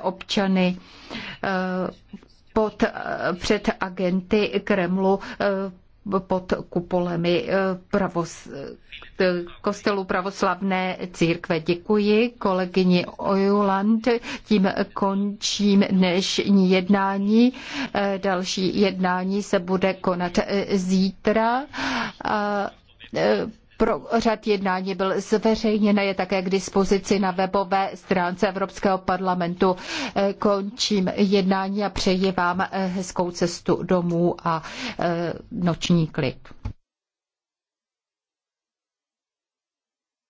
občany eh, pod, eh, před agenty Kremlu eh, pod kupolemi pravos, kostelu pravoslavné církve. Děkuji kolegyni Ojuland. Tím končím dnešní jednání. Další jednání se bude konat zítra. Pořad jednání byl zveřejněn, je také k dispozici na webové stránce Evropského parlamentu. Eh, končím jednání a přeji vám eh, hezkou cestu domů a eh, noční klid.